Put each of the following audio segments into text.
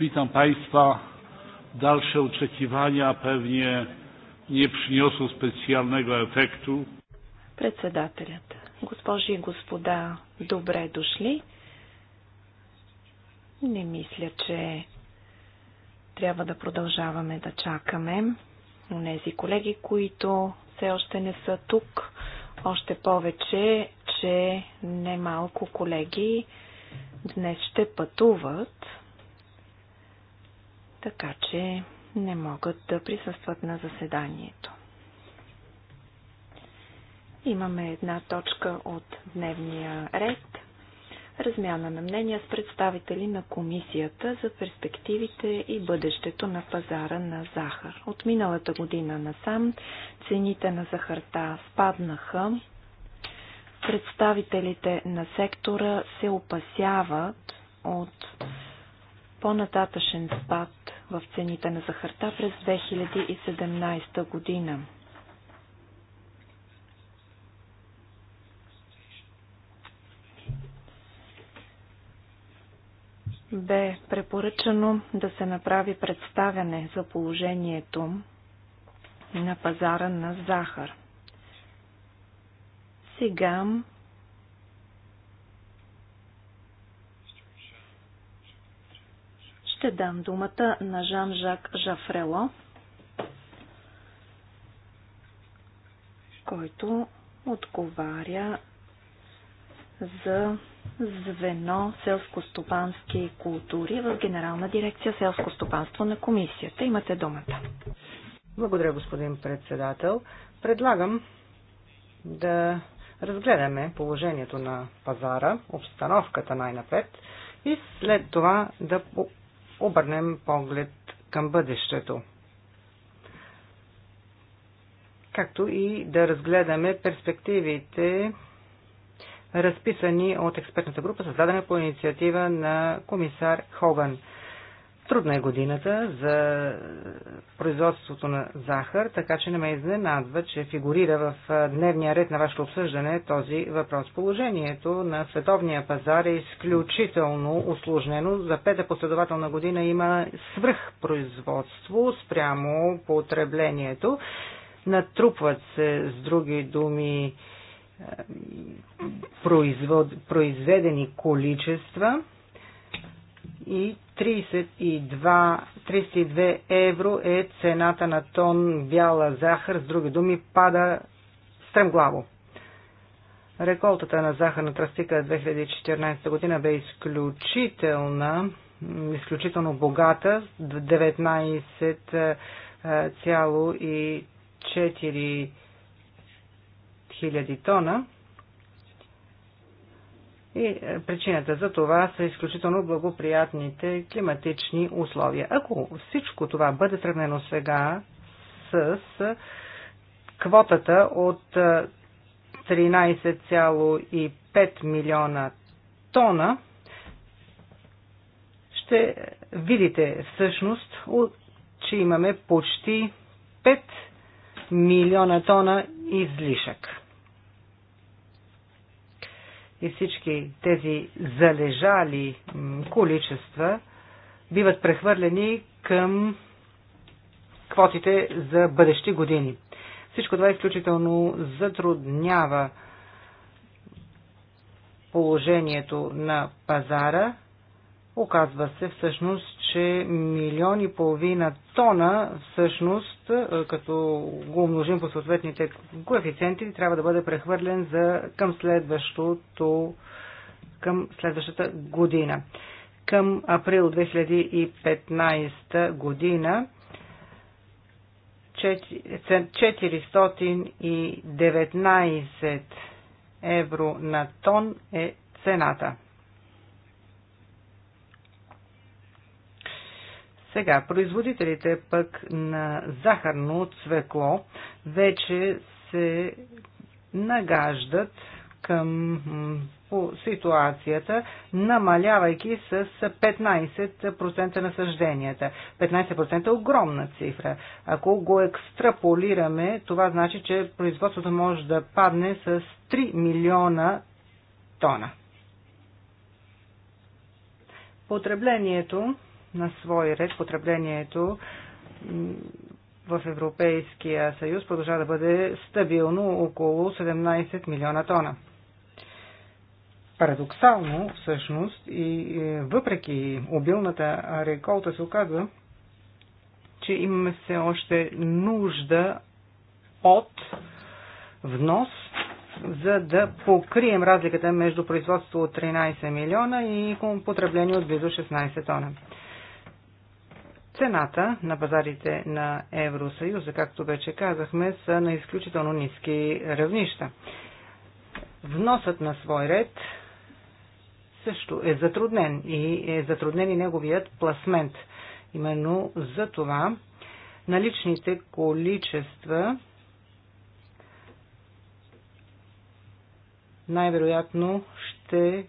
Witam Państwa. Dalsze oczekiwania pewnie nie przyniosą specjalnego efektu. Председателят. Госпожи и господа, добре дошли. Не мисля, че трябва да продължаваме да чакаме. Унези колеги, които все още не са тук, още повече, че немалко колеги днес ще пътуват така че не могат да присъстват на заседанието. Имаме една точка от дневния ред. Размяна на мнения с представители на Комисията за перспективите и бъдещето на пазара на захар. От миналата година насам цените на захарта спаднаха. Представителите на сектора се опасяват от по нататъшен спад в цените на захарта през 2017 година. Бе препоръчано да се направи представяне за положението на пазара на захар. Сега ще дам думата на Жан-Жак Жафрело, който отговаря за звено селско-стопански култури в Генерална дирекция селско стопанство на комисията. Имате думата. Благодаря, господин председател. Предлагам да разгледаме положението на пазара, обстановката най-напред и след това да обърнем поглед към бъдещето. Както и да разгледаме перспективите, разписани от експертната група, създадена по инициатива на комисар Хоган. Трудна е годината за производството на захар, така че не ме изненадва, че фигурира в дневния ред на вашето обсъждане този въпрос. Положението на световния пазар е изключително усложнено. За пета последователна година има свръхпроизводство спрямо потреблението. Натрупват се, с други думи, произведени количества и 32, 32 евро е цената на тон бяла захар, с други думи пада стремглаво. Реколтата на захар на тръстика 2014 година бе изключителна, изключително богата, 19,4 хиляди тона и е, причината за това са изключително благоприятните климатични условия. Ако всичко това бъде сравнено сега с е, квотата от 13,5 е, милиона тона, ще видите всъщност, че имаме почти 5 милиона тона излишък и всички тези залежали количества биват прехвърлени към квотите за бъдещи години. Всичко това изключително затруднява положението на пазара. Оказва се всъщност, че милион и половина тона всъщност, е, като го умножим по съответните коефициенти, трябва да бъде прехвърлен за, към, следващото, към следващата година. Към април 2015 година 419 евро на тон е цената. Сега, производителите пък на захарно цвекло вече се нагаждат към по ситуацията, намалявайки с 15% насъжденията. 15% е огромна цифра. Ако го екстраполираме, това значи, че производството може да падне с 3 милиона тона. Потреблението на свой ред потреблението в Европейския съюз продължава да бъде стабилно около 17 милиона тона. Парадоксално, всъщност, и е, въпреки обилната реколта се оказва, че имаме все още нужда от внос, за да покрием разликата между производство от 13 милиона и потребление от близо 16 тона. Цената на пазарите на Евросъюза, както вече казахме, са на изключително ниски равнища. Вносът на свой ред също е затруднен и е затруднен и неговият пласмент. Именно за това наличните количества най-вероятно ще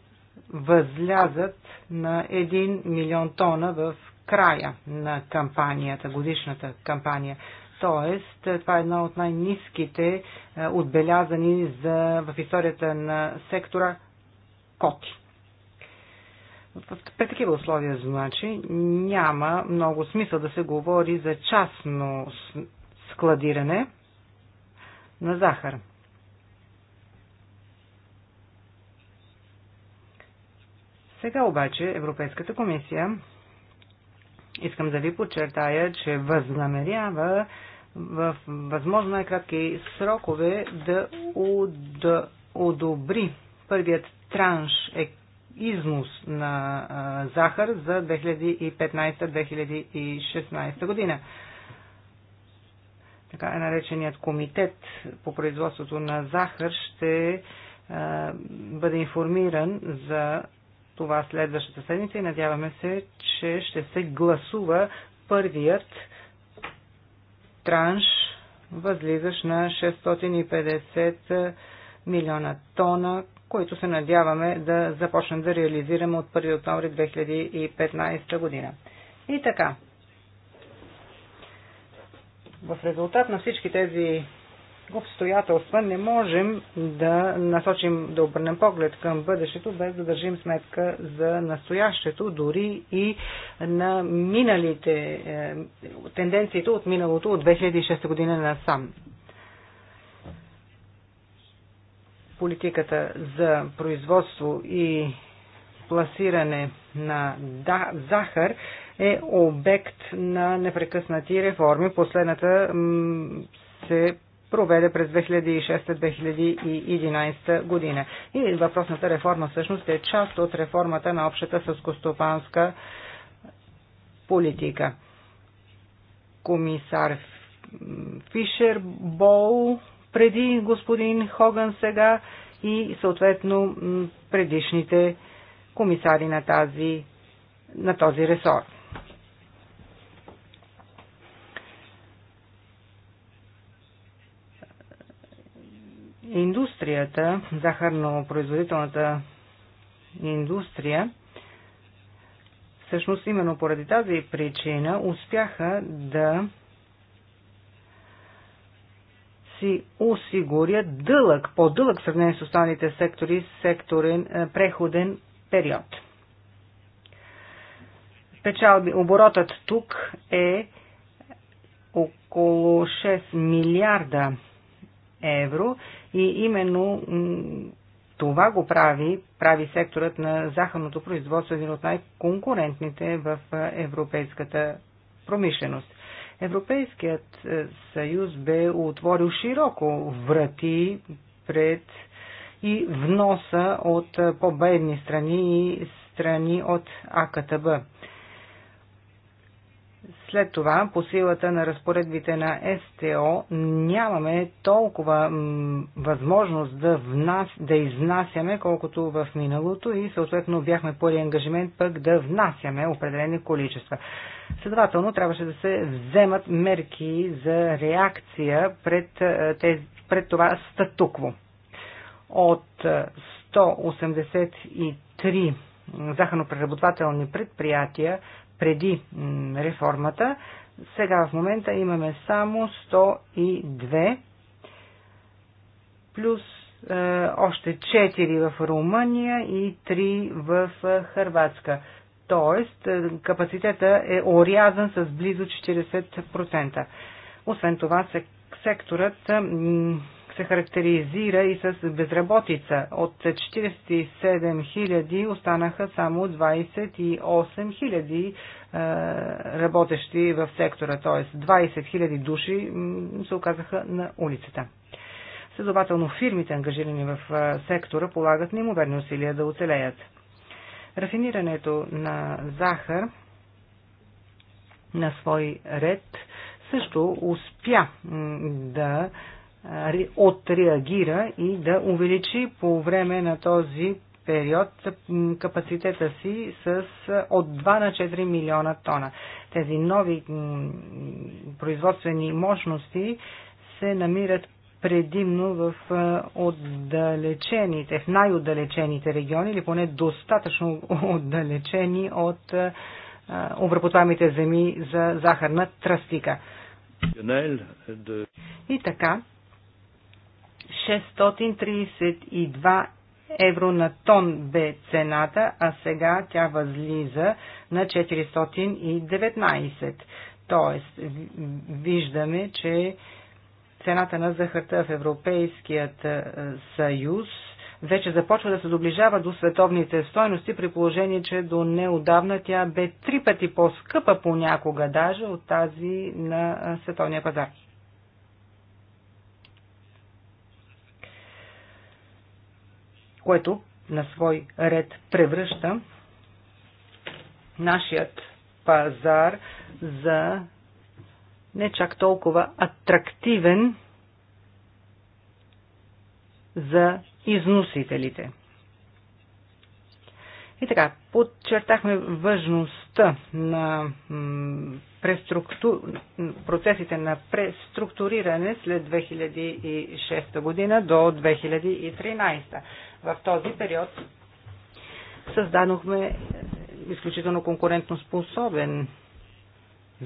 възлязат на 1 милион тона в края на кампанията, годишната кампания. Тоест, е, това е една от най-низките е, отбелязани за, в историята на сектора коти. При такива условия, значи, няма много смисъл да се говори за частно складиране на захар. Сега обаче Европейската комисия Искам да ви подчертая, че възнамерява в възможно най-кратки срокове да одобри първият транш е износ на а, захар за 2015-2016 година. Така е нареченият комитет по производството на захар ще а, бъде информиран за това следващата седмица и надяваме се, че ще се гласува първият транш възлизащ на 650 милиона тона, които се надяваме да започнем да реализираме от 1 октомври 2015 година. И така, в резултат на всички тези обстоятелства не можем да насочим, да обърнем поглед към бъдещето, без да държим сметка за настоящето, дори и на миналите е, тенденциите от миналото от 2006 година насам. Политиката за производство и пласиране на захар е обект на непрекъснати реформи. Последната се проведе през 2006-2011 година. И въпросната реформа всъщност е част от реформата на общата съскостопанска политика. Комисар Фишер Бол преди господин Хоган сега и съответно предишните комисари на, тази, на този ресор. Индустрията, захарно-производителната индустрия, всъщност именно поради тази причина успяха да си осигурят дълъг, по-дълъг сравнение с останалите сектори, секторен, е, преходен период. Печалби, оборотът тук е около 6 милиарда евро и именно това го прави, прави секторът на захарното производство един от най-конкурентните в е, европейската промишленост. Европейският е, съюз бе отворил широко врати пред и вноса от е, по-бедни страни и страни от АКТБ. След това, по силата на разпоредбите на СТО, нямаме толкова възможност да, внас, да изнасяме, колкото в миналото и съответно бяхме поли ангажимент пък да внасяме определени количества. Следователно, трябваше да се вземат мерки за реакция пред, е, тез, пред това статукво. От 183 е, захарно-преработвателни предприятия преди реформата. Сега в момента имаме само 102 плюс е, още 4 в Румъния и 3 в е, Хърватска. Тоест е, капацитета е орязан с близо 40%. Освен това секторът се характеризира и с безработица. От 47 000 останаха само 28 000 е, работещи в сектора, т.е. 20 000 души се оказаха на улицата. Следователно фирмите, ангажирани в е, сектора, полагат неимоверни усилия да оцелеят. Рафинирането на захар на свой ред също успя да отреагира и да увеличи по време на този период капацитета си с от 2 на 4 милиона тона. Тези нови производствени мощности се намират предимно в отдалечените, в най-отдалечените региони или поне достатъчно отдалечени от обработваемите земи за захарна тръстика. Е, и така, 632 евро на тон бе цената, а сега тя възлиза на 419. Тоест, виждаме, че цената на захарта в Европейският е, съюз вече започва да се доближава до световните стойности, при положение, че до неодавна тя бе три пъти по-скъпа понякога даже от тази на е, световния пазар. което на свой ред превръща нашият пазар за не чак толкова атрактивен за износителите. И така, подчертахме важността на процесите на преструктуриране след 2006 година до 2013. В този период създадохме изключително конкурентно способен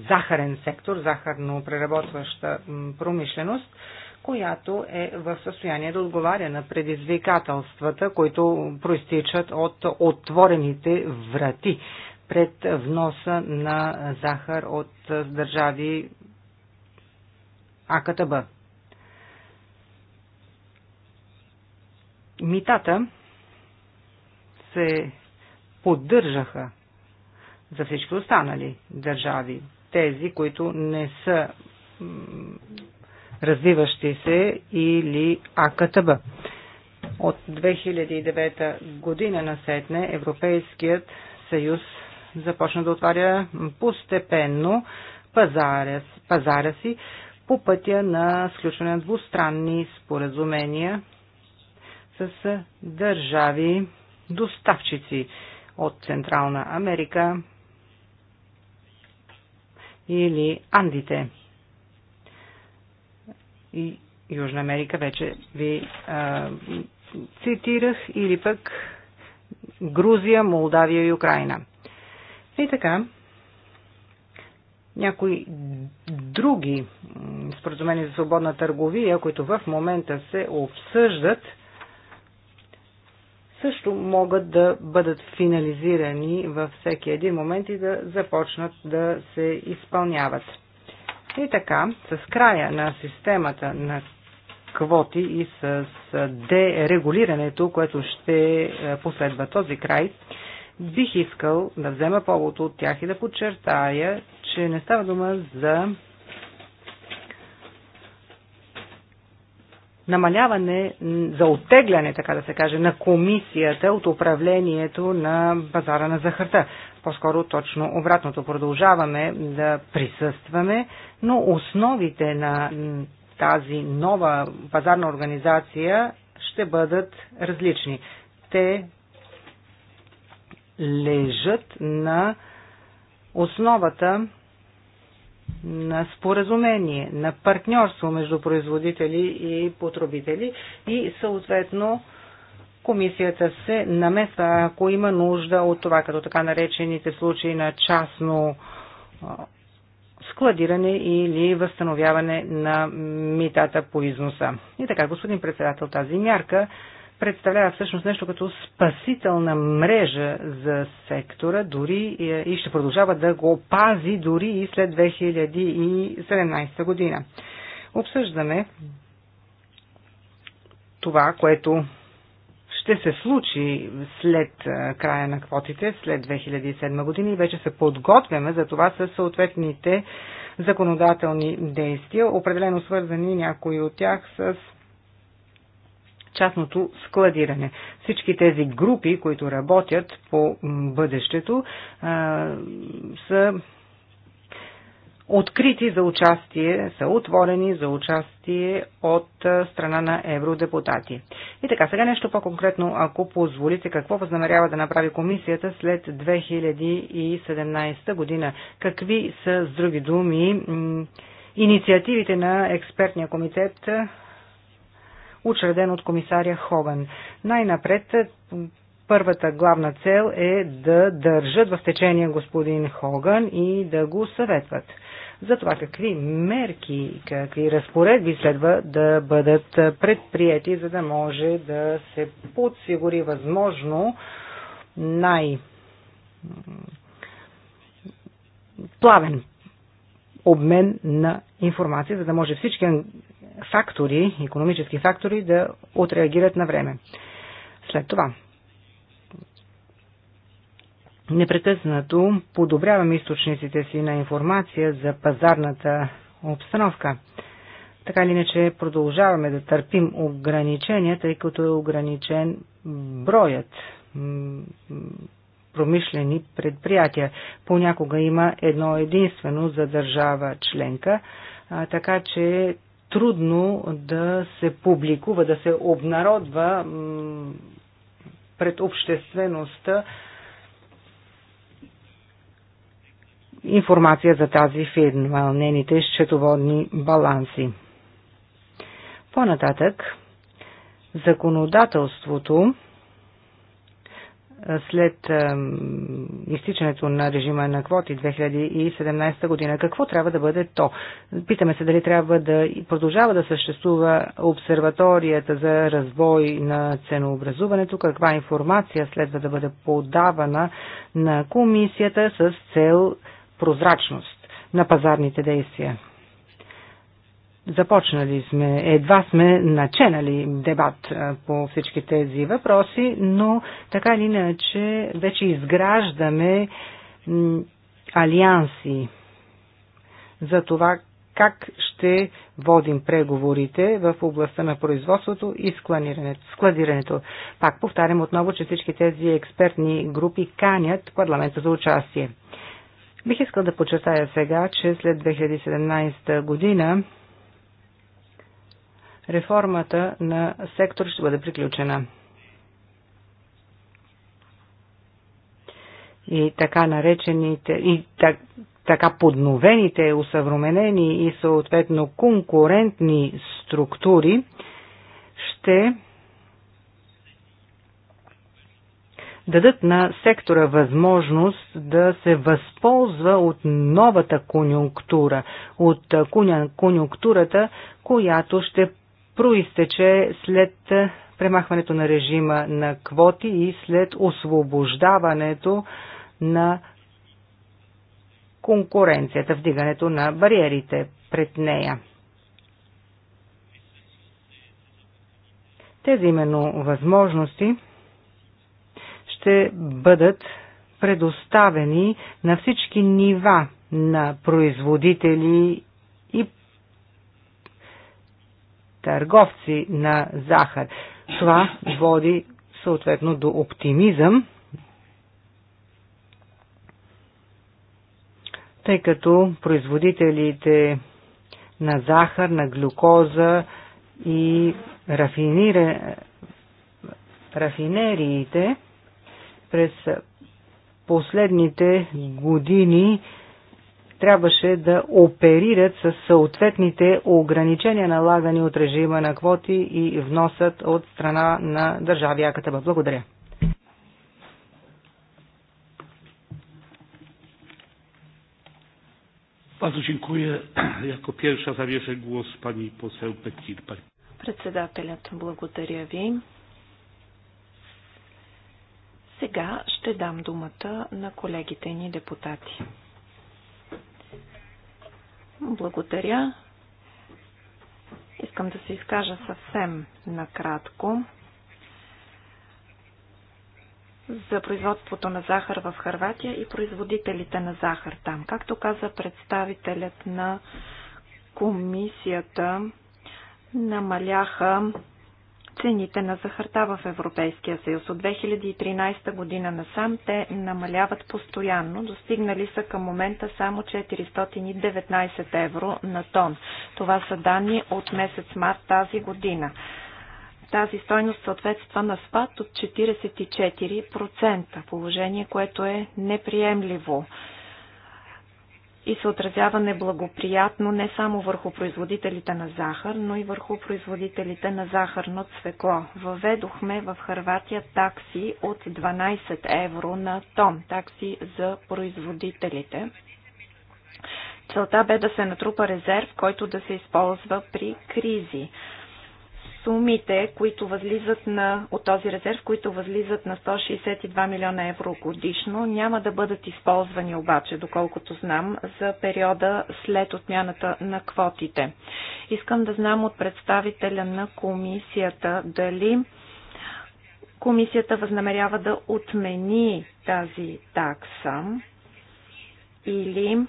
захарен сектор, захарно преработваща промишленост, която е в състояние да отговаря на предизвикателствата, които проистичат от отворените врати пред вноса на захар от държави АКТБ. Митата се поддържаха за всички останали държави. Тези, които не са развиващи се или АКТБ. От 2009 година насетне Европейският съюз започна да отваря постепенно пазаря, пазаря си по пътя на сключване на двустранни споразумения с държави доставчици от Централна Америка или Андите. И Южна Америка вече ви а, цитирах, или пък Грузия, Молдавия и Украина. И така, някои други споразумения за свободна търговия, които в момента се обсъждат – също могат да бъдат финализирани във всеки един момент и да започнат да се изпълняват. И така, с края на системата на квоти и с дерегулирането, което ще е, последва този край, бих искал да взема повод от тях и да подчертая, че не става дума за намаляване, за оттегляне, така да се каже, на комисията от управлението на пазара на захарта. По-скоро точно обратното. Продължаваме да присъстваме, но основите на тази нова пазарна организация ще бъдат различни. Те лежат на основата на споразумение, на партньорство между производители и потребители и съответно комисията се намества, ако има нужда от това, като така наречените случаи на частно складиране или възстановяване на митата по износа. И така, господин председател, тази мярка представлява всъщност нещо като спасителна мрежа за сектора дори и ще продължава да го пази дори и след 2017 година. Обсъждаме това, което ще се случи след края на квотите, след 2007 година и вече се подготвяме за това с съответните законодателни действия, определено свързани някои от тях с частното складиране. Всички тези групи, които работят по бъдещето, са открити за участие, са отворени за участие от страна на евродепутати. И така, сега нещо по-конкретно, ако позволите, какво възнамерява да направи комисията след 2017 година? Какви са, с други думи, инициативите на експертния комитет учреден от комисаря Хоган. Най-напред е, първата главна цел е да държат в течение господин Хоган и да го съветват за това какви мерки, какви разпоредби следва да бъдат предприяти, за да може да се подсигури възможно най- плавен обмен на информация, за да може всички фактори, економически фактори да отреагират на време. След това, непрекъснато подобряваме източниците си на информация за пазарната обстановка. Така или иначе продължаваме да търпим ограничения, тъй като е ограничен броят промишлени предприятия. Понякога има едно единствено за държава членка, така че трудно да се публикува, да се обнародва пред обществеността информация за тази фирма, нените счетоводни баланси. По-нататък, законодателството след изтичането на режима на квоти 2017 година. Какво трябва да бъде то? Питаме се дали трябва да продължава да съществува обсерваторията за развой на ценообразуването, каква информация следва да бъде подавана на комисията с цел прозрачност на пазарните действия. Започнали сме, едва сме начинали дебат по всички тези въпроси, но така или иначе вече изграждаме алианси за това как ще водим преговорите в областта на производството и складирането. Пак повтарям отново, че всички тези експертни групи канят парламента за участие. Бих искал да подчертая сега, че след 2017 година реформата на сектор ще бъде приключена. И така наречените, и так, така подновените, усъвременени и съответно конкурентни структури ще дадат на сектора възможност да се възползва от новата конюнктура, от конюнктурата, която ще проистече след е, премахването на режима на квоти и след освобождаването на конкуренцията, вдигането на бариерите пред нея. Тези именно възможности ще бъдат предоставени на всички нива на производители търговци на захар. Това води съответно до оптимизъм, тъй като производителите на захар, на глюкоза и рафинира... рафинериите през последните години трябваше да оперират с съответните ограничения, налагани от режима на квоти и вносът от страна на държави АКТБ. Благодаря. Bardzo dziękuję. Jako pierwsza zabierze głos pani poseł Председателят, благодаря ви. Сега ще дам думата на колегите ни депутати. Благодаря. Искам да се изкажа съвсем накратко за производството на захар в Харватия и производителите на захар там. Както каза представителят на комисията, намаляха цените на захарта в Европейския съюз. От 2013 година насам те намаляват постоянно, достигнали са към момента само 419 евро на тон. Това са данни от месец март тази година. Тази стойност съответства на спад от 44%, положение, което е неприемливо и се отразява неблагоприятно не само върху производителите на захар, но и върху производителите на захарно цвекло. Въведохме в Харватия такси от 12 евро на тон, такси за производителите. Целта бе да се натрупа резерв, който да се използва при кризи сумите, които възлизат на, от този резерв, които възлизат на 162 милиона евро годишно, няма да бъдат използвани обаче, доколкото знам, за периода след отмяната на квотите. Искам да знам от представителя на комисията дали комисията възнамерява да отмени тази такса или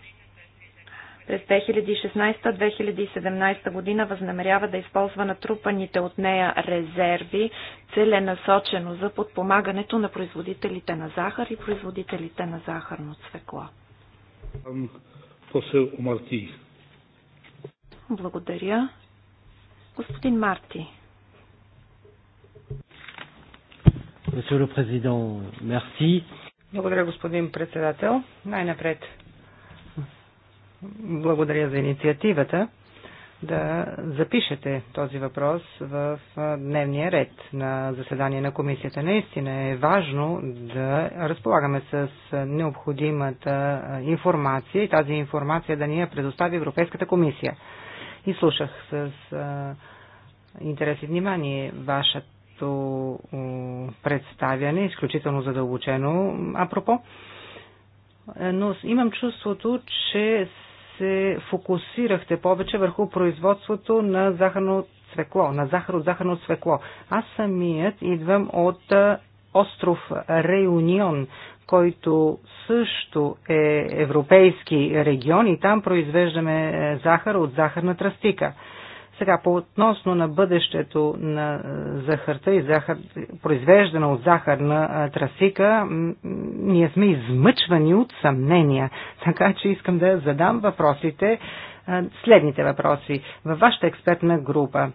през 2016-2017 година възнамерява да използва натрупаните от нея резерви целенасочено за подпомагането на производителите на захар и производителите на захарно цвекло. Благодаря. Господин Марти. Благодаря, господин председател. Най-напред благодаря за инициативата да запишете този въпрос в дневния ред на заседание на комисията. Наистина е важно да разполагаме с необходимата информация и тази информация да ни я предостави Европейската комисия. И слушах с интерес и внимание вашето представяне, изключително задълбочено, апропо е, но имам чувството, че се фокусирахте повече върху производството на захарно цвекло, на захар от захарно цвекло. Аз самият идвам от остров Реюнион, който също е европейски регион и там произвеждаме е, захар от захарна тръстика. Сега, по относно на бъдещето на е, захарта и захар, произвеждана от захарна е, трасика, ние сме измъчвани от съмнения. Така че искам да задам въпросите, е, следните въпроси. Във вашата експертна група,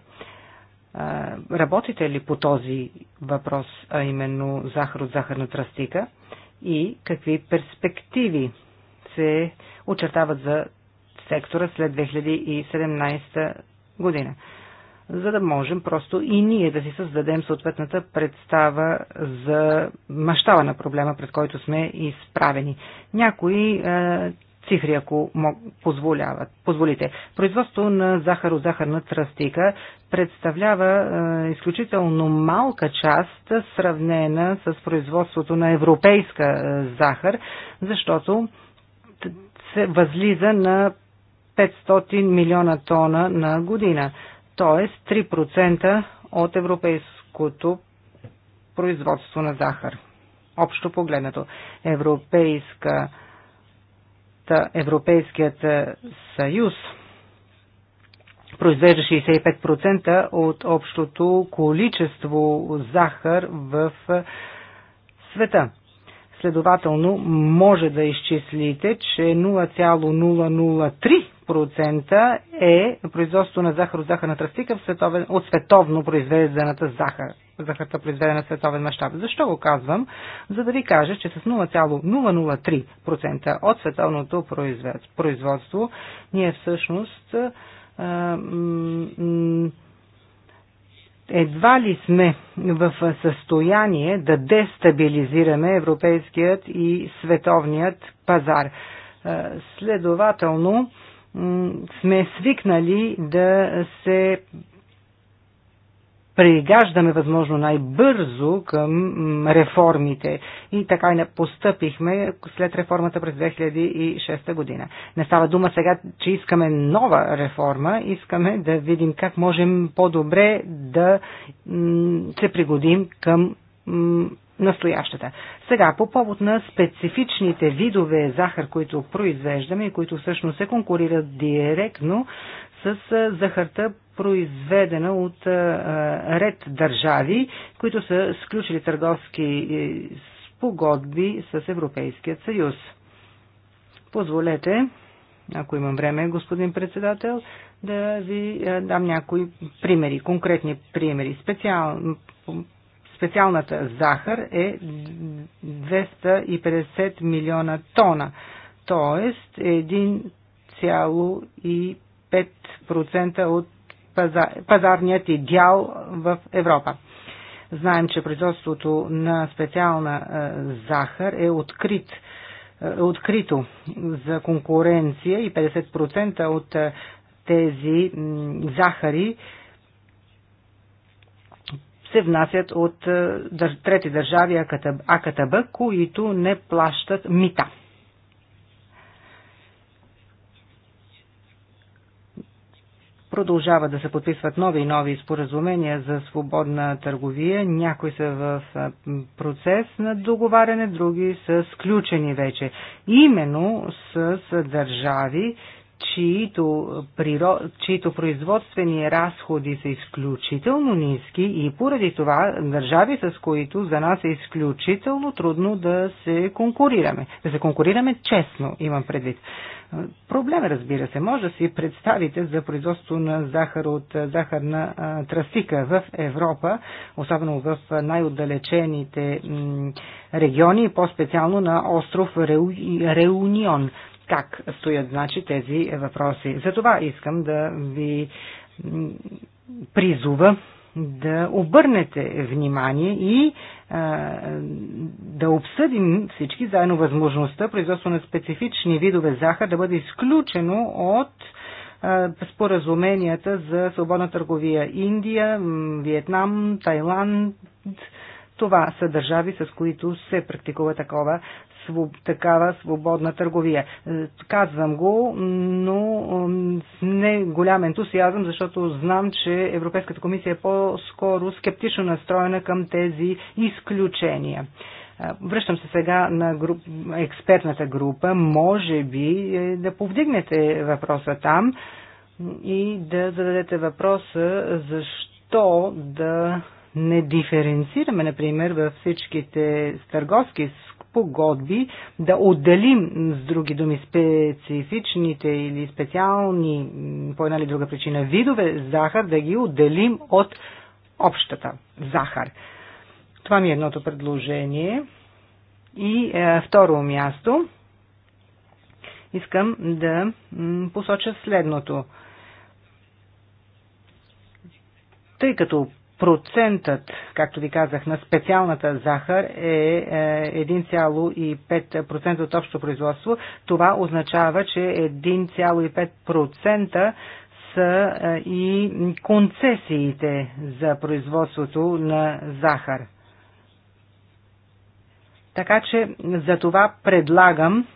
работите ли по този въпрос, а именно захар от захарна трастика и какви перспективи се очертават за сектора след 2017 година. За да можем просто и ние да си създадем съответната представа за мащава на проблема, пред който сме изправени. Някои е, цифри, ако позволяват, позволите. Производство на от захарна тръстика представлява е, изключително малка част, сравнена с производството на европейска е, захар, защото се възлиза на 500 милиона тона на година, т.е. 3% от европейското производство на захар. Общо погледнато, Европейска, Европейският съюз произвежда 65% от общото количество захар в света. Следователно, може да изчислите, че 0,003 10% е производство на захар от захарна тръстика световен, от световно произведената захар. Захарта произведена в световен мащаб. Защо го казвам? За да ви кажа, че с 0,003% от световното производство ние всъщност едва ли сме в състояние да дестабилизираме европейският и световният пазар. Следователно, сме свикнали да се пригаждаме възможно най-бързо към реформите. И така и не постъпихме след реформата през 2006 година. Не става дума сега, че искаме нова реформа, искаме да видим как можем по-добре да се пригодим към настоящата. Сега, по повод на специфичните видове захар, които произвеждаме и които всъщност се конкурират директно с захарта, произведена от ред държави, които са сключили търговски е, спогодби с Европейският съюз. Позволете, ако имам време, господин председател, да ви е, дам някои примери, конкретни примери. Специално специалната захар е 250 милиона тона, т.е. 1,5% от пазарният идеал дял в Европа. Знаем, че производството на специална е, захар е открит е открито за конкуренция и 50% от е, тези захари се внасят от е, трети държави АКТБ, които не плащат мита. Продължава да се подписват нови и нови споразумения за свободна търговия. Някои са в е, процес на договаряне, други са сключени вече. Именно с държави, чието, природ, чието производствени разходи са изключително ниски и поради това държави, с които за нас е изключително трудно да се конкурираме. Да се конкурираме честно, имам предвид. Проблем, разбира се, може да си представите за производство на захар от захарна трафика в Европа, особено в най-отдалечените региони, по-специално на остров Реунион как стоят значи тези въпроси. За това искам да ви призува да обърнете внимание и а, да обсъдим всички заедно възможността производство на специфични видове захар да бъде изключено от споразуменията за свободна търговия Индия, Виетнам, Тайланд. Това са държави, с които се практикува такова своб, такава свободна търговия. Е, казвам го, но с не голям ентусиазъм, защото знам, че Европейската комисия е по-скоро скептично настроена към тези изключения. Е, връщам се сега на груп, експертната група. Може би е, да повдигнете въпроса там и да зададете въпроса защо да не диференцираме, например, във всичките търговски погодби, да отделим с други думи специфичните или специални по една или друга причина видове захар, да ги отделим от общата захар. Това ми е едното предложение. И е, второ място искам да посоча следното. Тъй като процентът, както ви казах, на специалната захар е 1,5% е, от общо производство. Това означава, че 1,5% са е, и концесиите за производството на захар. Така че за това предлагам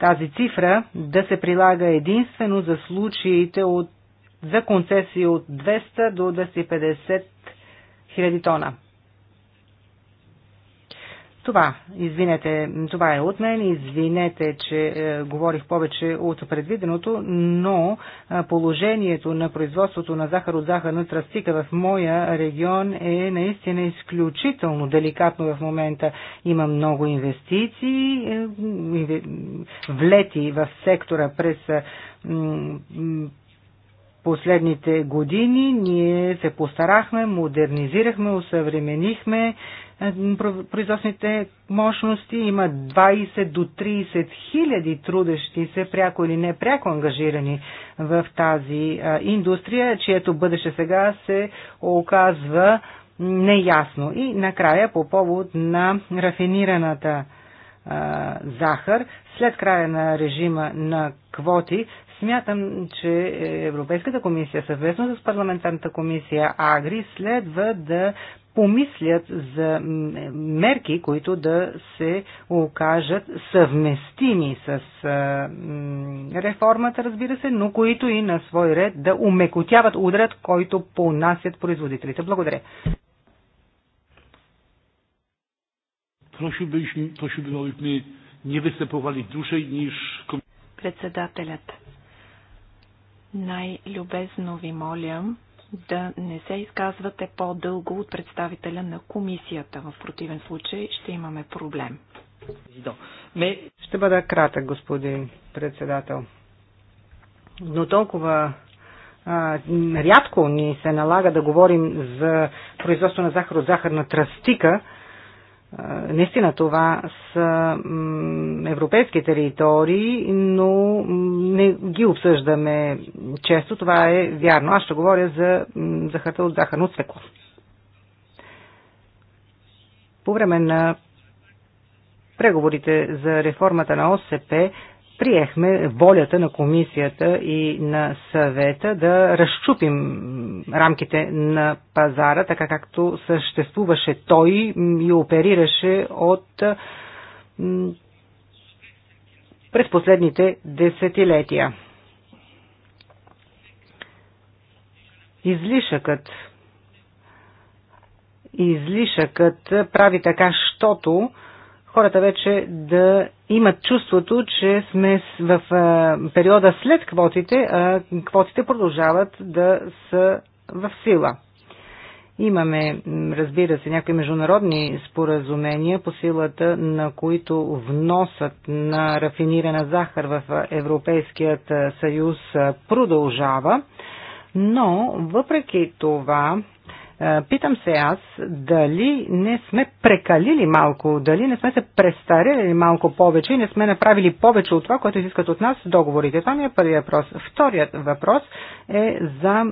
тази цифра да се прилага единствено за случаите от за концесии от 200 до 250 хиляди тона. Това, извинете, това е от мен, извинете, че е, говорих повече от предвиденото, но е, положението на производството на захар от захарна тръстика в моя регион е наистина изключително деликатно в момента. Има много инвестиции, е, влети в сектора през последните години ние се постарахме, модернизирахме, усъвременихме е, производствените мощности. Има 20 до 30 хиляди трудещи се, пряко или не пряко ангажирани в тази индустрия, чието бъдеще сега се оказва неясно. И накрая по повод на рафинираната захар. След края на режима на квоти Смятам, че Европейската комисия съвместно с парламентарната комисия Агри следва да помислят за мерки, които да се окажат съвместими с реформата, разбира се, но които и на свой ред да умекотяват ударът, който понасят производителите. Благодаря. Председателят. Най-любезно ви моля да не се изказвате по-дълго от представителя на комисията. В противен случай ще имаме проблем. Ще бъда кратък, господин председател. Но толкова а, рядко ни се налага да говорим за производство на захар от захарна тръстика, Наистина това са европейски територии, но не ги обсъждаме често. Това е вярно. Аз ще говоря за захарта от захарно цвекло. По време на преговорите за реформата на ОСП приехме волята на комисията и на съвета да разчупим рамките на пазара, така както съществуваше той и оперираше от през последните десетилетия. Излишъкът излишъкът прави така, щото хората вече да имат чувството, че сме в периода след квотите, а квотите продължават да са в сила. Имаме, разбира се, някои международни споразумения, по силата на които вносът на рафинирана захар в Европейският съюз продължава, но въпреки това е, питам се аз дали не сме прекалили малко, дали не сме се престарели малко повече и не сме направили повече от това, което изискат от нас договорите. Това ми е първият въпрос. Вторият въпрос е за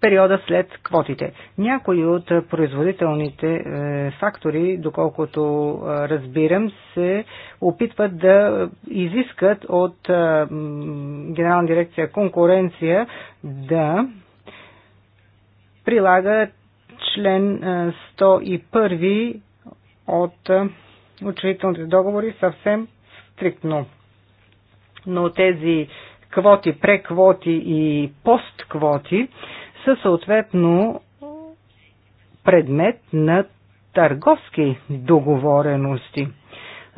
периода след квотите. Някои от производителните е, фактори, доколкото е, разбирам, се опитват да изискат от е, Генерална дирекция конкуренция да прилага член 101 от учредителните договори съвсем стриктно. Но тези квоти, преквоти и постквоти са съответно предмет на търговски договорености.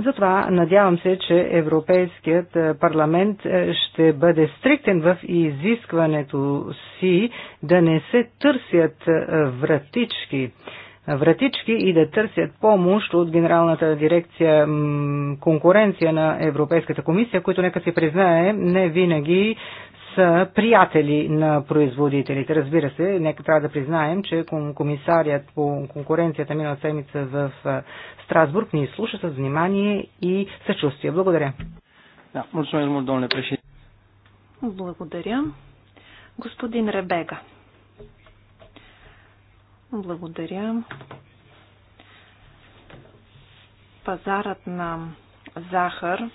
Затова надявам се, че Европейският парламент ще бъде стриктен в изискването си да не се търсят вратички вратички и да търсят помощ от Генералната дирекция конкуренция на Европейската комисия, които, нека си признае, не винаги са приятели на производителите. Разбира се, нека трябва да признаем, че комисарият по конкуренцията минала седмица в Страсбург ни слуша с внимание и съчувствие. Благодаря. Благодаря. Господин Ребега. Благодаря. Пазарът на захар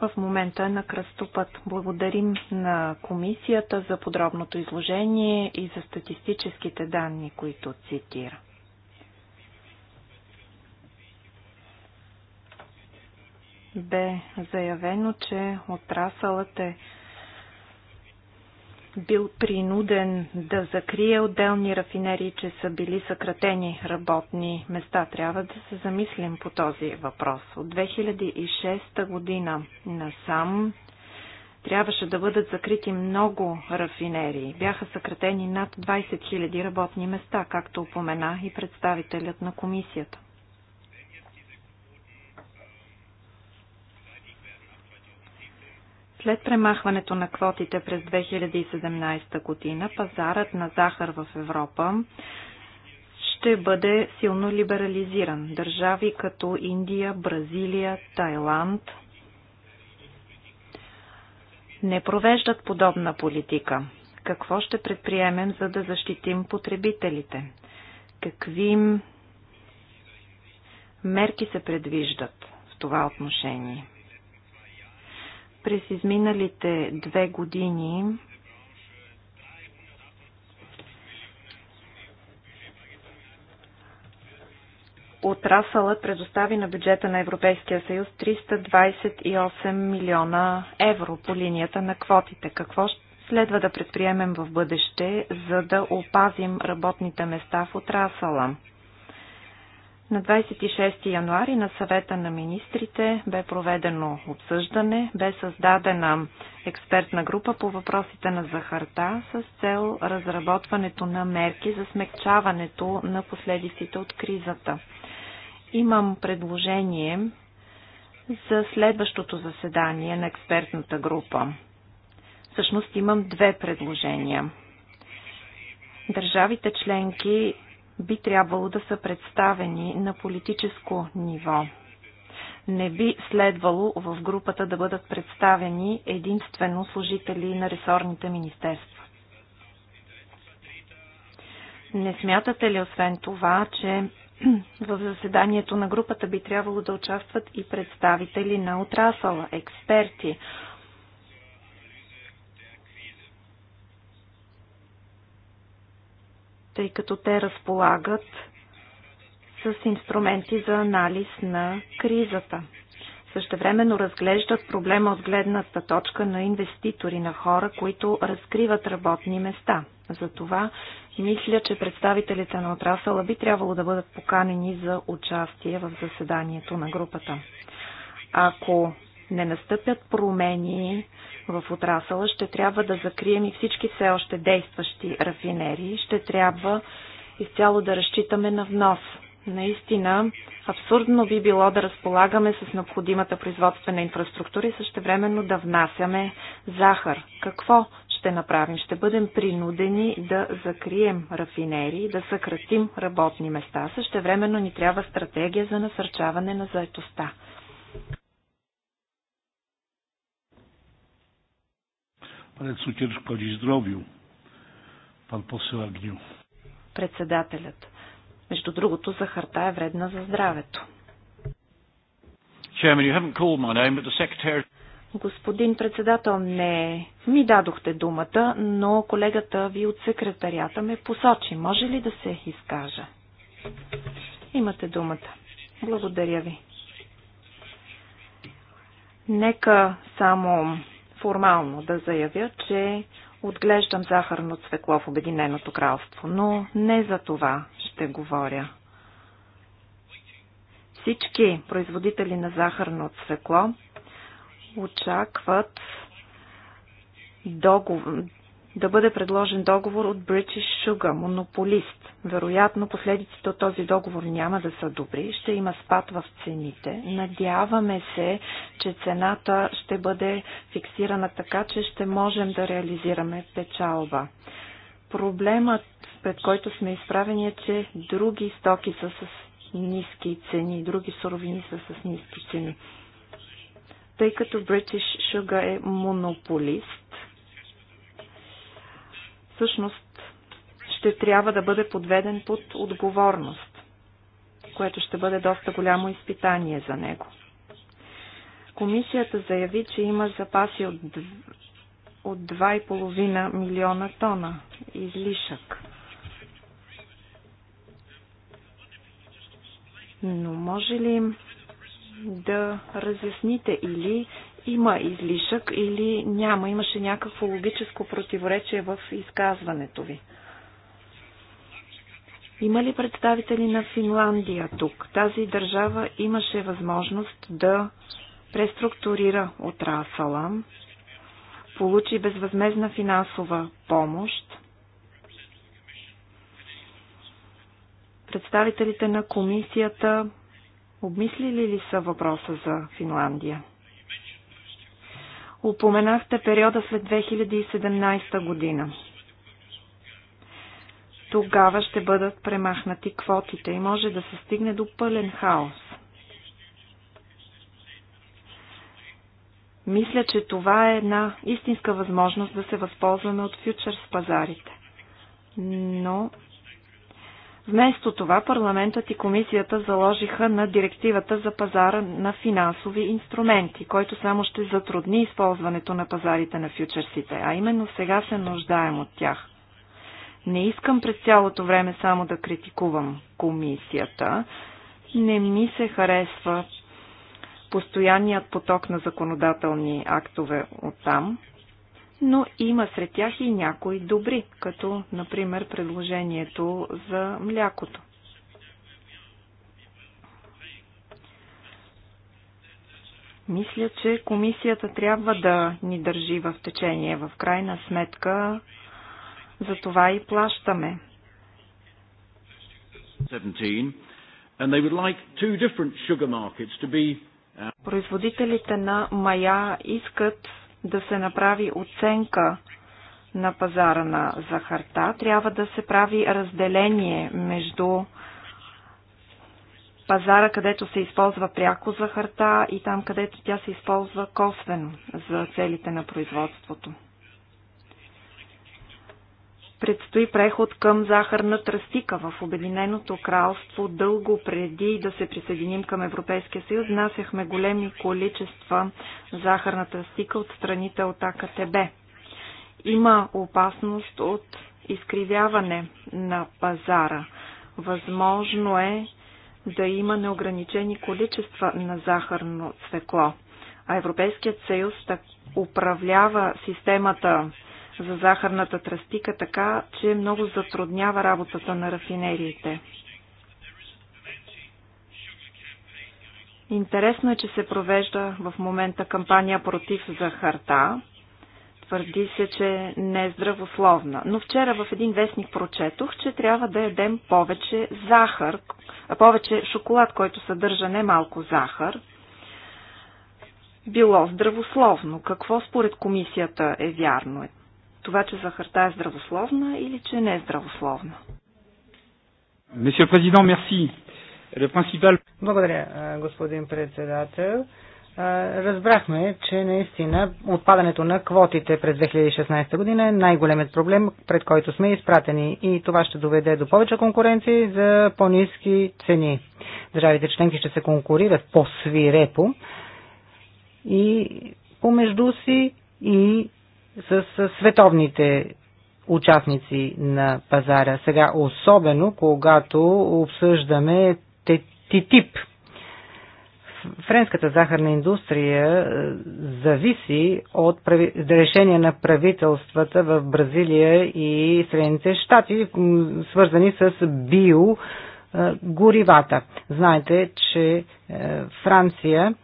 в момента е на кръстопът. Благодарим на комисията за подробното изложение и за статистическите данни, които цитира. Бе заявено, че отрасълът е бил принуден да закрие отделни рафинерии, че са били съкратени работни места. Трябва да се замислим по този въпрос. От 2006 година насам трябваше да бъдат закрити много рафинерии. Бяха съкратени над 20 000 работни места, както упомена и представителят на комисията. След премахването на квотите през 2017 година, пазарът на захар в Европа ще бъде силно либерализиран. Държави като Индия, Бразилия, Тайланд не провеждат подобна политика. Какво ще предприемем, за да защитим потребителите? Какви мерки се предвиждат в това отношение? През изминалите две години отрасълът предостави на бюджета на Европейския съюз 328 милиона евро по линията на квотите. Какво следва да предприемем в бъдеще, за да опазим работните места в отрасъла? На 26 януари на съвета на министрите бе проведено обсъждане, бе създадена експертна група по въпросите на захарта с цел разработването на мерки за смягчаването на последиците от кризата. Имам предложение за следващото заседание на експертната група. Всъщност имам две предложения. Държавите членки би трябвало да са представени на политическо ниво. Не би следвало в групата да бъдат представени единствено служители на ресорните министерства. Не смятате ли освен това, че в заседанието на групата би трябвало да участват и представители на отрасъла, експерти, тъй като те разполагат с инструменти за анализ на кризата. Същевременно разглеждат проблема от гледната точка на инвеститори, на хора, които разкриват работни места. Затова мисля, че представителите на отрасъла би трябвало да бъдат поканени за участие в заседанието на групата. Ако не настъпят промени в отрасъла, ще трябва да закрием и всички все още действащи рафинерии. Ще трябва изцяло да разчитаме на внос. Наистина, абсурдно би било да разполагаме с необходимата производствена инфраструктура и същевременно да внасяме захар. Какво ще направим? Ще бъдем принудени да закрием рафинерии, да съкратим работни места. Същевременно ни трябва стратегия за насърчаване на заетостта. ale cukier szkodzi zdrowiu. Pan poseł Agniu. Председателят. Между другото, захарта е вредна за здравето. Chairman, you haven't called my name, but the secretary... Господин председател, не ми дадохте думата, но колегата ви от секретарията ме посочи. Може ли да се изкажа? Имате думата. Благодаря ви. Нека само формално да заявя, че отглеждам захарно цвекло в Обединеното кралство, но не за това ще говоря. Всички производители на захарно цвекло очакват договор, да бъде предложен договор от British Sugar, монополист. Вероятно последиците от този договор няма да са добри, ще има спад в цените. Надяваме се, че цената ще бъде фиксирана така, че ще можем да реализираме печалба. Проблемът, пред който сме изправени е, че други стоки са с ниски цени, други суровини са с ниски цени. Тъй като British Sugar е монополист, всъщност ще трябва да бъде подведен под отговорност, което ще бъде доста голямо изпитание за него. Комисията заяви, че има запаси от, от 2,5 милиона тона излишък. Но може ли да разясните или има излишък или няма. Имаше някакво логическо противоречие в изказването ви. Има ли представители на Финландия тук? Тази държава имаше възможност да преструктурира отрасъла, получи безвъзмезна финансова помощ. Представителите на комисията обмислили ли са въпроса за Финландия? Упоменахте периода след 2017 година. Тогава ще бъдат премахнати квотите и може да се стигне до пълен хаос. Мисля, че това е една истинска възможност да се възползваме от фьючерс пазарите. Но Вместо това парламентът и комисията заложиха на директивата за пазара на финансови инструменти, който само ще затрудни използването на пазарите на фьючерсите, а именно сега се нуждаем от тях. Не искам през цялото време само да критикувам комисията. Не ми се харесва постоянният поток на законодателни актове от там но има сред тях и някои добри, като например предложението за млякото. Мисля, че комисията трябва да ни държи в течение. В крайна сметка за това и плащаме. Uh, Производителите на мая искат да се направи оценка на пазара на захарта. Трябва да се прави разделение между пазара, където се използва пряко захарта и там, където тя се използва косвено за целите на производството предстои преход към захарна тръстика в Обединеното кралство. Дълго преди да се присъединим към Европейския съюз, внасяхме големи количества захарна тръстика от страните от АКТБ. Има опасност от изкривяване на пазара. Възможно е да има неограничени количества на захарно цвекло. А Европейският съюз так управлява системата за захарната тръстика, така че много затруднява работата на рафинериите. Интересно е, че се провежда в момента кампания против захарта. Твърди се, че не е здравословна. Но вчера в един вестник прочетох, че трябва да ядем повече захар, повече шоколад, който съдържа немалко захар. Било здравословно. Какво според комисията е вярно? това, че захарта е здравословна или че не е здравословна? Месье президент, мерси. Благодаря, господин председател. Разбрахме, че наистина отпадането на квотите през 2016 година е най-големият проблем, пред който сме изпратени и това ще доведе до повече конкуренции за по-низки цени. Държавите членки ще се конкурират по-свирепо и помежду си и с световните участници на пазара. Сега, особено когато обсъждаме ТТИП. Френската захарна индустрия е, зависи от решения на правителствата в Бразилия и Средните щати, свързани с био е, горивата. Знаете, че е, Франция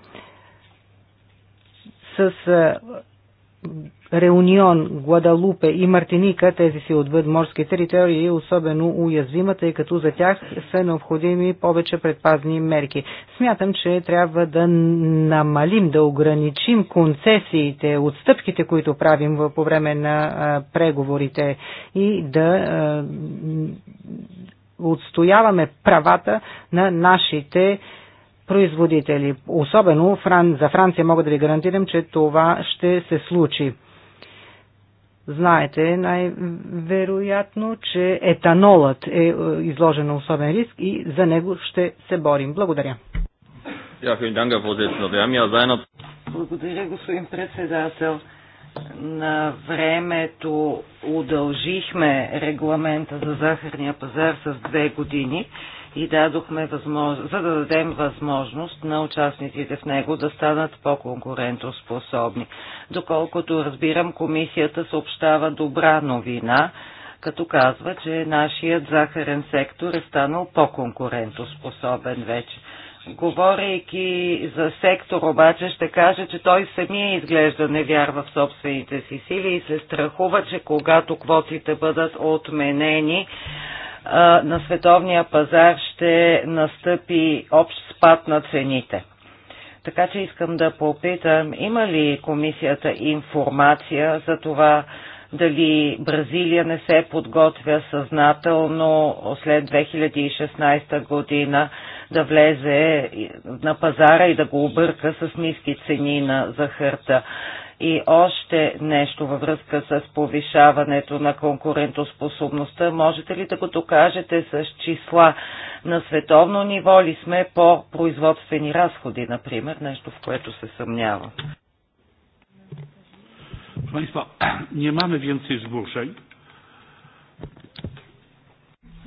с Реунион, Гуадалупе и Мартиника, тези си отвъд морски територии, особено уязвимата, тъй като за тях са необходими повече предпазни мерки. Смятам, че трябва да намалим, да ограничим концесиите, отстъпките, които правим по време на а, преговорите и да а, отстояваме правата на нашите а, производители. Особено за Франция мога да ви гарантирам, че това ще се случи. Знаете най-вероятно, че етанолът е, е изложен на особен риск и за него ще се борим. Благодаря. Благодаря, господин председател на времето удължихме регламента за захарния пазар с две години и дадохме възможност, за да дадем възможност на участниците в него да станат по-конкурентоспособни. Доколкото разбирам, комисията съобщава добра новина, като казва, че нашият захарен сектор е станал по-конкурентоспособен вече. Говорейки за сектор обаче, ще кажа, че той самия изглежда не вярва в собствените си сили и се страхува, че когато квотите бъдат отменени, на световния пазар ще настъпи общ спад на цените. Така че искам да попитам, има ли комисията информация за това, дали Бразилия не се подготвя съзнателно след 2016 година да влезе на пазара и да го обърка с ниски цени на захарта. И още нещо във връзка с повишаването на конкурентоспособността. Можете ли да го докажете с числа на световно ниво ли сме по производствени разходи, например, нещо в което се съмнявам? Państwo, nie mamy więcej zgłoszeń.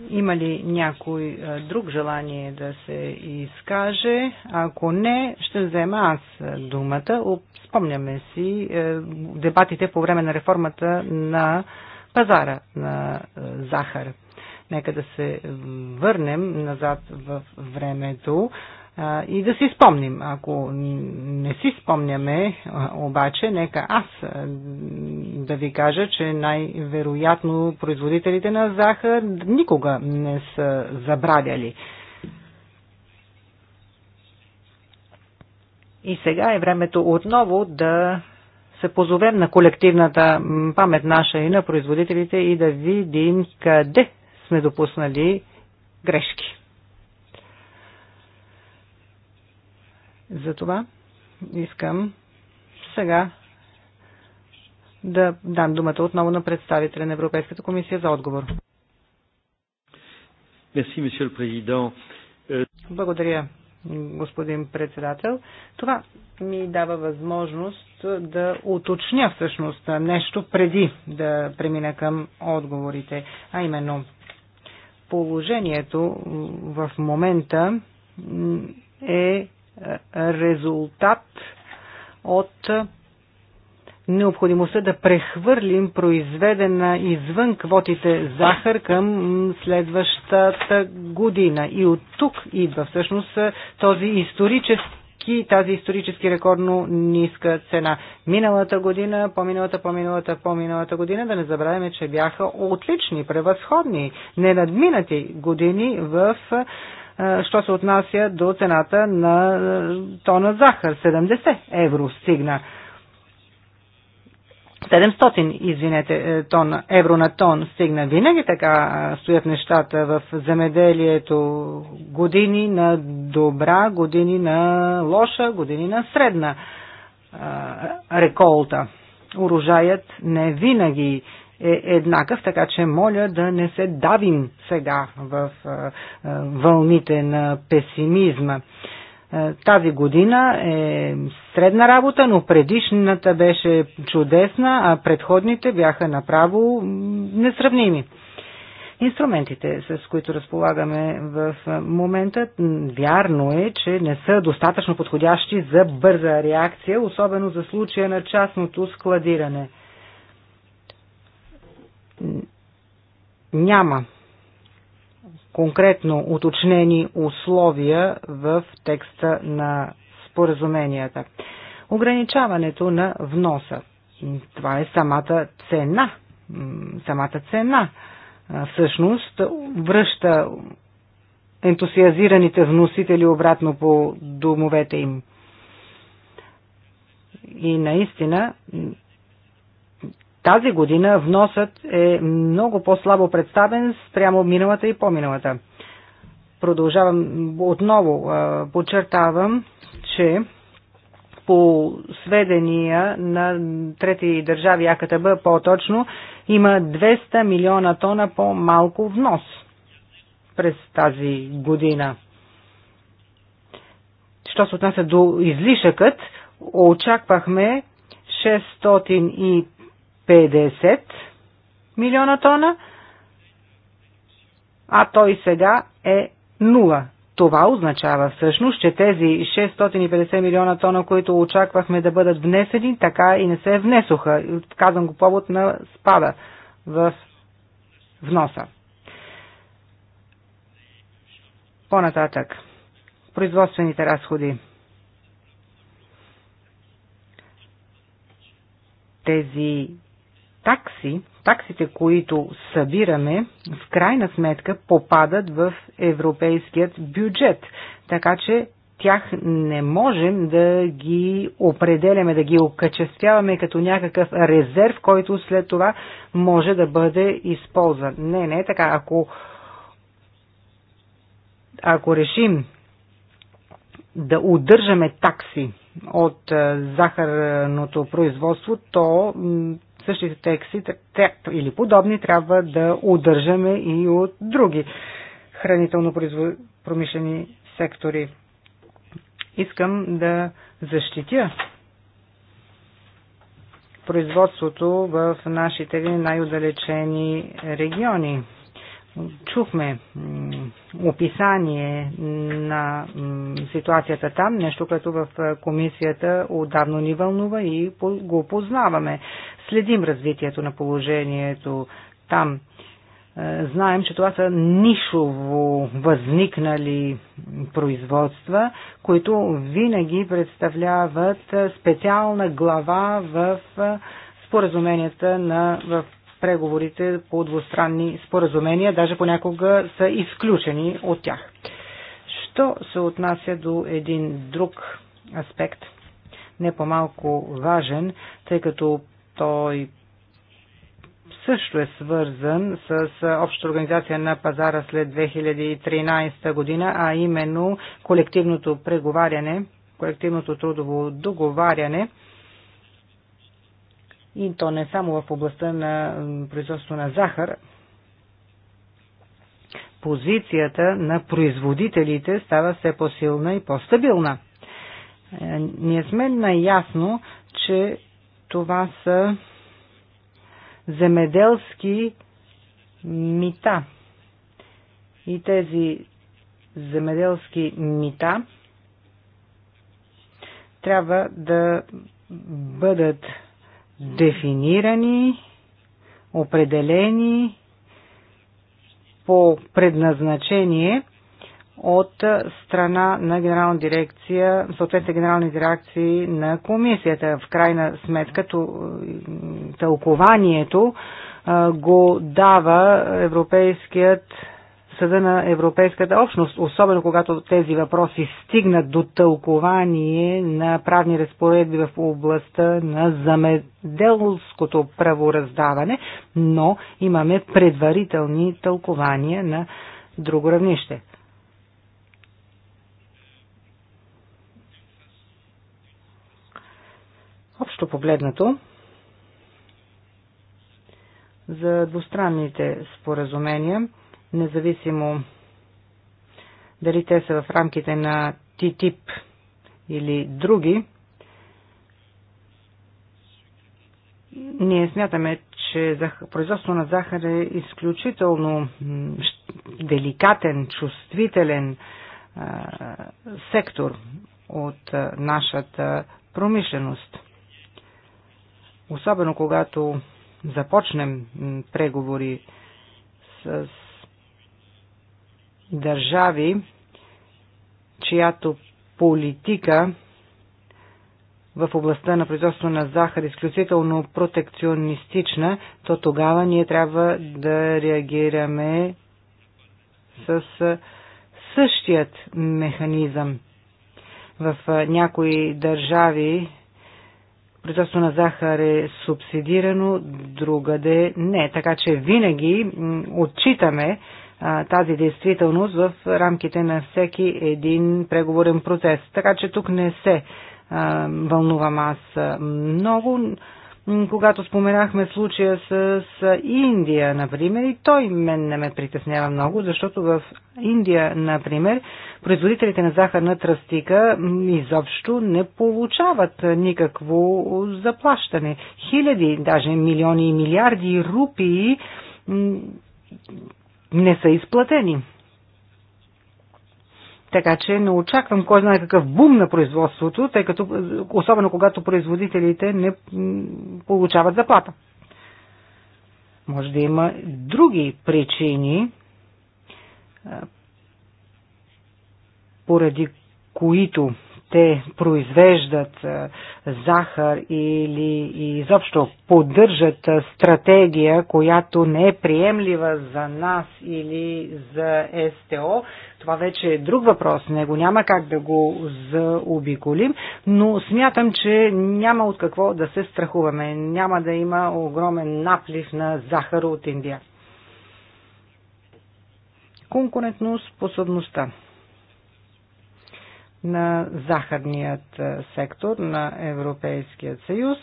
Има ли някой е, друг желание да се изкаже? Ако не, ще взема аз е, думата. Спомняме си е, дебатите по време на реформата на пазара на захар. Нека да се върнем назад в времето и да си спомним. Ако не си спомняме, обаче, нека аз да ви кажа, че най-вероятно производителите на захар никога не са забравяли. И сега е времето отново да се позовем на колективната памет наша и на производителите и да видим къде сме допуснали грешки. Затова искам сега да дам думата отново на представителя на Европейската комисия за отговор. Е, Благодаря, господин председател. Това ми дава възможност да уточня всъщност нещо преди да премина към отговорите, а именно положението в момента е резултат от необходимостта да прехвърлим произведена извън квотите захар към следващата година. И от тук идва всъщност този исторически тази исторически рекордно ниска цена. Миналата година, по-миналата, по-миналата, по-миналата година, да не забравяме, че бяха отлични, превъзходни, ненадминати години в що се отнася до цената на тона захар. 70 евро стигна. 700, извинете, е, тон, евро на тон стигна. Винаги така стоят нещата в земеделието. Години на добра, години на лоша, години на средна а, реколта. Урожаят не винаги е еднакъв, така че моля да не се давим сега в е, е, вълните на песимизма. Е, тази година е средна работа, но предишната беше чудесна, а предходните бяха направо несравними. Инструментите, с които разполагаме в момента, вярно е, че не са достатъчно подходящи за бърза реакция, особено за случая на частното складиране. няма конкретно уточнени условия в текста на споразуменията. Ограничаването на вноса. Това е самата цена. Самата цена всъщност връща ентусиазираните вносители обратно по домовете им. И наистина тази година вносът е много по-слабо представен спрямо миналата и по-миналата. Продължавам отново, подчертавам, че по сведения на трети държави АКТБ по-точно има 200 милиона тона по-малко внос през тази година. Що се отнася до излишъкът, очаквахме 50 милиона тона, а той сега е 0. Това означава всъщност, че тези 650 милиона тона, които очаквахме да бъдат внесени, така и не се внесоха. Казвам го повод на спада в вноса. По-нататък. Производствените разходи. Тези такси, таксите, които събираме, в крайна сметка попадат в европейският бюджет. Така че тях не можем да ги определяме, да ги окачествяваме като някакъв резерв, който след това може да бъде използван. Не, не е така. Ако, ако решим да удържаме такси от захарното производство, то същите тексти или подобни трябва да удържаме и от други хранително-промишлени сектори. Искам да защитя производството в нашите най-удалечени региони чухме описание на ситуацията там, нещо, което в комисията отдавно ни вълнува и го познаваме. Следим развитието на положението там. Знаем, че това са нишово възникнали производства, които винаги представляват специална глава в споразуменията на, в преговорите по двустранни споразумения, даже понякога са изключени от тях. Що се отнася до един друг аспект, не по-малко важен, тъй като той също е свързан с общата организация на пазара след 2013 година, а именно колективното преговаряне, колективното трудово договаряне – и то не само в областта на производство на захар. Позицията на производителите става все по-силна и по-стабилна. Е, ние сме наясно, че това са земеделски мита. И тези земеделски мита трябва да бъдат дефинирани, определени по предназначение от страна на генерална дирекция, съответните генерални дирекции на комисията. В крайна сметка тълкованието го дава Европейският съда на Европейската общност, особено когато тези въпроси стигнат до тълкование на правни разпоредби в областта на замеделското правораздаване, но имаме предварителни тълкования на друго равнище. Общо погледнато, за двустранните споразумения, независимо дали те са в рамките на ТТИП или други, ние смятаме, че производство на захар е изключително деликатен, чувствителен сектор от нашата промишленост. Особено когато започнем преговори с държави, чиято политика в областта на производство на захар е изключително протекционистична, то тогава ние трябва да реагираме с същият механизъм. В някои държави производство на захар е субсидирано, другаде не. Така че винаги отчитаме тази действителност в рамките на всеки един преговорен процес. Така че тук не се вълнувам аз много. Когато споменахме случая с, с Индия, например, и той мен не ме притеснява много, защото в Индия, например, производителите на захарна тръстика изобщо не получават никакво заплащане. Хиляди, даже милиони и милиарди рупии не са изплатени. Така че не очаквам кой знае какъв бум на производството, тъй като, особено когато производителите не получават заплата. Може да има други причини, поради които те произвеждат захар или изобщо поддържат стратегия, която не е приемлива за нас или за СТО, това вече е друг въпрос, него няма как да го заобиколим, но смятам, че няма от какво да се страхуваме. Няма да има огромен наплив на захар от Индия. Конкурентно способността на захарният е, сектор на Европейският съюз.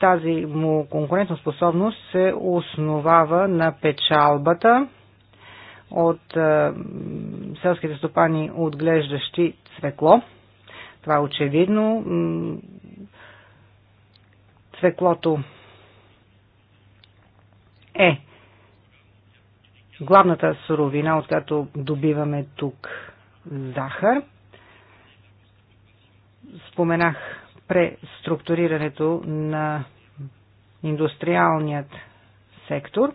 Тази му конкурентоспособност се основава на печалбата от е, селските стопани, отглеждащи цвекло. Това е очевидно. Цвеклото е главната суровина, от която добиваме тук захар – Споменах преструктурирането на индустриалният сектор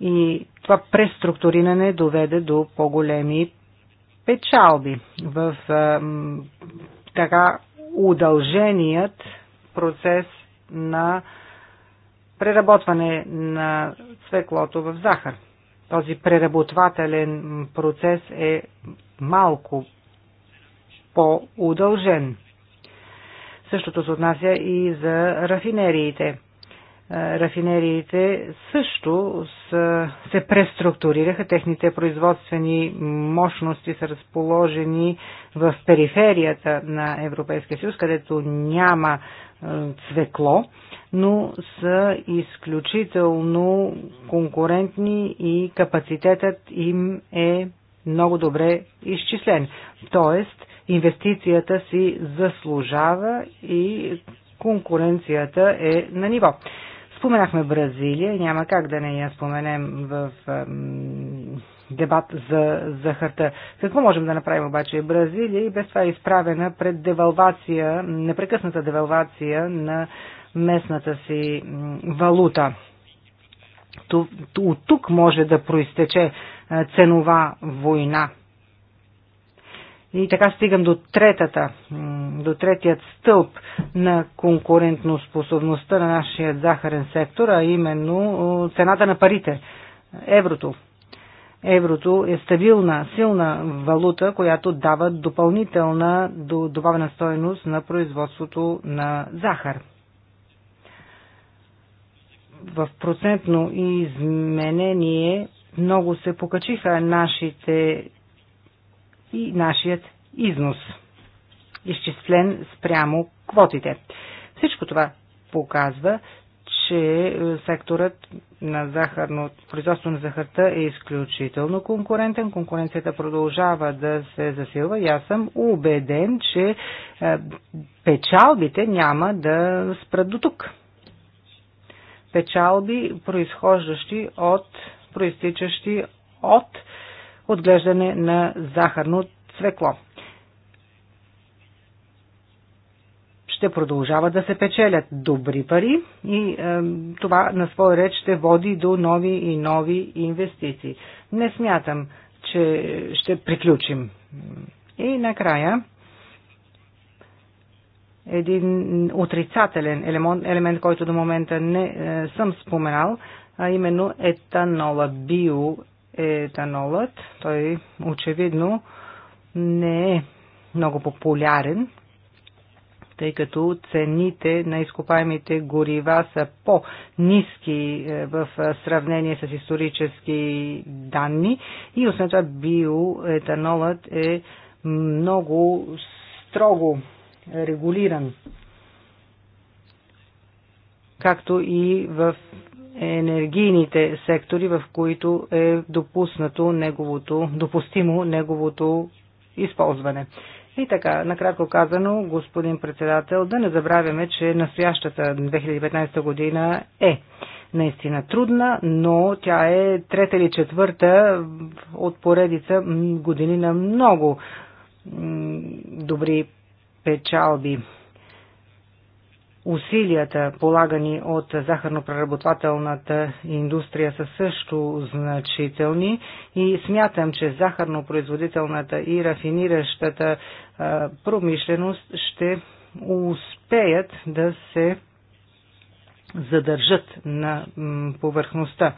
и това преструктуриране доведе до по-големи печалби в така удълженият процес на преработване на свеклото в захар. Този преработвателен процес е малко по-удължен. Същото се отнася и за рафинериите. Е, рафинериите също са, се преструктурираха, техните производствени мощности са разположени в периферията на Европейския съюз, където няма е, цвекло, но са изключително конкурентни и капацитетът им е много добре изчислен. Тоест, инвестицията си заслужава и конкуренцията е на ниво. Споменахме Бразилия, няма как да не я споменем в дебат за захарта. Какво можем да направим обаче? Бразилия и без това е изправена пред девалвация, непрекъсната девалвация на местната си валута. От тук може да проистече ценова война и така стигам до третата, до третият стълб на конкурентноспособността на нашия захарен сектор, а именно цената на парите, еврото. Еврото е стабилна, силна валута, която дава допълнителна добавена стоеност на производството на захар. В процентно изменение много се покачиха нашите и нашият износ, изчислен спрямо квотите. Всичко това показва, че е, секторът на захарно, производство на захарта е изключително конкурентен. Конкуренцията продължава да се засилва и аз съм убеден, че е, печалбите няма да спрат до тук. Печалби, произхождащи от, проистичащи от отглеждане на захарно цвекло. ще продължават да се печелят добри пари и е, това на своя ред ще води до нови и нови инвестиции. Не смятам, че ще приключим. И накрая един отрицателен елемент, елемент който до момента не е, съм споменал, а именно етанола, био етанолът. Той очевидно не е много популярен, тъй като цените на изкопаемите горива са по-низки е, в сравнение с исторически данни и освен това биоетанолът е много строго регулиран, както и в енергийните сектори, в които е допуснато неговото, допустимо неговото използване. И така, накратко казано, господин председател, да не забравяме, че настоящата 2015 година е наистина трудна, но тя е трета или четвърта от поредица години на много добри печалби. Усилията, полагани от захарно-преработвателната индустрия, са също значителни и смятам, че захарно-производителната и рафиниращата промишленост ще успеят да се задържат на повърхността,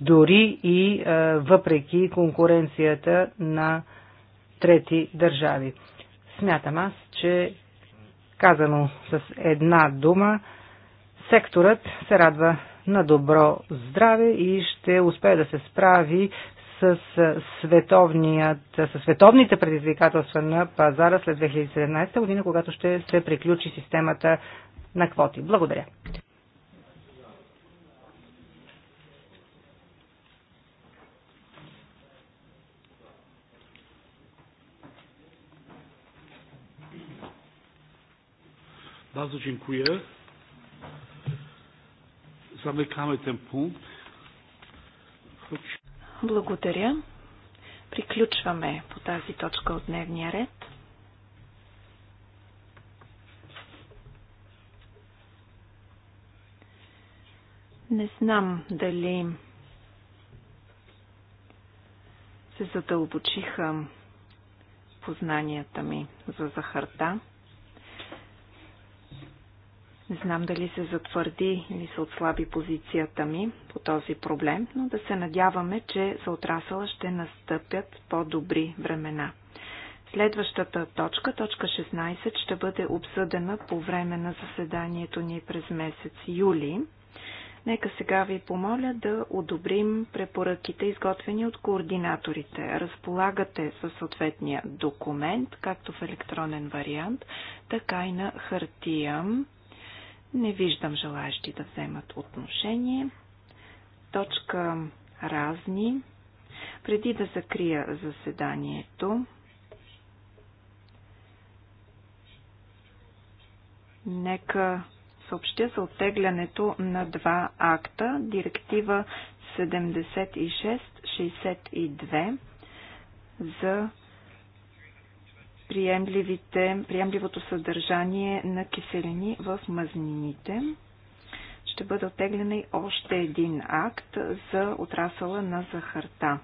дори и въпреки конкуренцията на трети държави. Смятам аз, че Казано с една дума, секторът се радва на добро здраве и ще успее да се справи с, с световните предизвикателства на пазара след 2017 година, когато ще се приключи системата на квоти. Благодаря. Bardzo dziękuję. Zamykamy ten punkt. Благодаря. Приключваме по тази точка от дневния ред. Не знам дали се задълбочиха познанията ми за захарта. Не знам дали се затвърди или се отслаби позицията ми по този проблем, но да се надяваме, че за отрасъла ще настъпят по-добри времена. Следващата точка, точка 16, ще бъде обсъдена по време на заседанието ни през месец юли. Нека сега ви помоля да одобрим препоръките, изготвени от координаторите. Разполагате със съответния документ, както в електронен вариант, така и на хартия. Не виждам желаящи да вземат отношение. Точка разни. Преди да закрия заседанието, нека съобщя за оттеглянето на два акта. Директива 76-62 за приемливото съдържание на киселини в мазнините. Ще бъде отеглен и още един акт за отрасъла на захарта.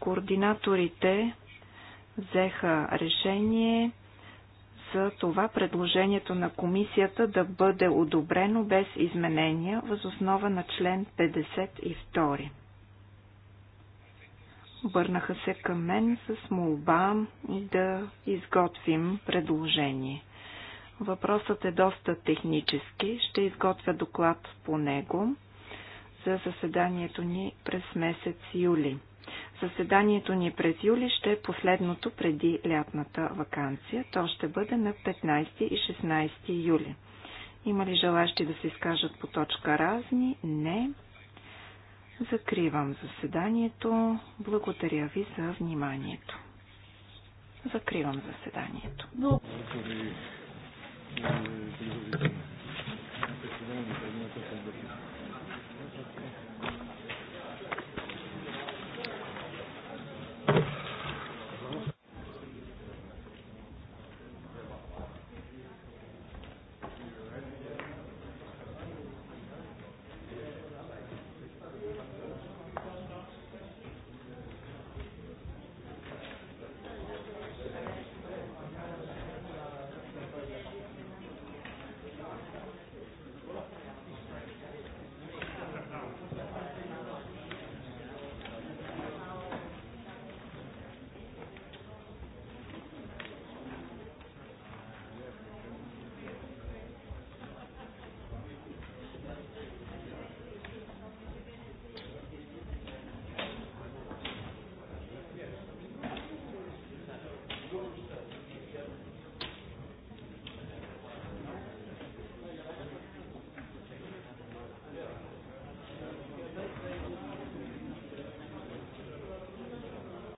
Координаторите взеха решение за това предложението на комисията да бъде одобрено без изменения възоснова на член 52. Обърнаха се към мен с молба да изготвим предложение. Въпросът е доста технически. Ще изготвя доклад по него за заседанието ни през месец юли. Заседанието ни през юли ще е последното преди лятната вакансия. То ще бъде на 15 и 16 юли. Има ли желащи да се изкажат по точка разни? Не. Закривам заседанието. Благодаря ви за вниманието. Закривам заседанието.